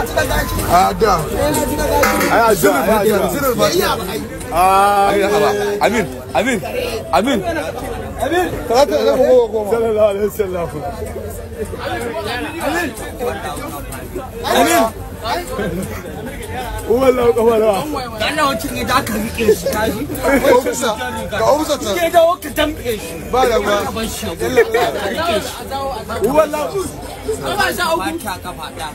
Ada. Ai addu'a, ai addu'a. Sirrin fatiha. Ai haba. Amin, amin, amin. Amin. Salatu ala mugo goma. Sallallahu alaihi wasallam. Amin. Amin. Wallah kawala. Kana da aka rike shi kaji. da waka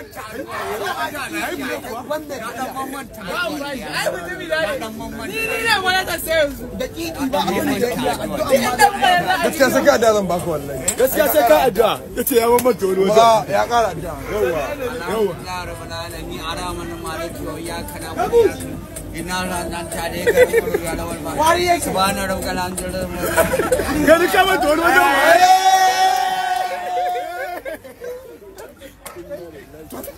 gaskiya sai ka addu'a zan wallahi gaskiya sai ka addu'a ya mamman wajen ya kara addu'a gani kama wajen eh, ちょっと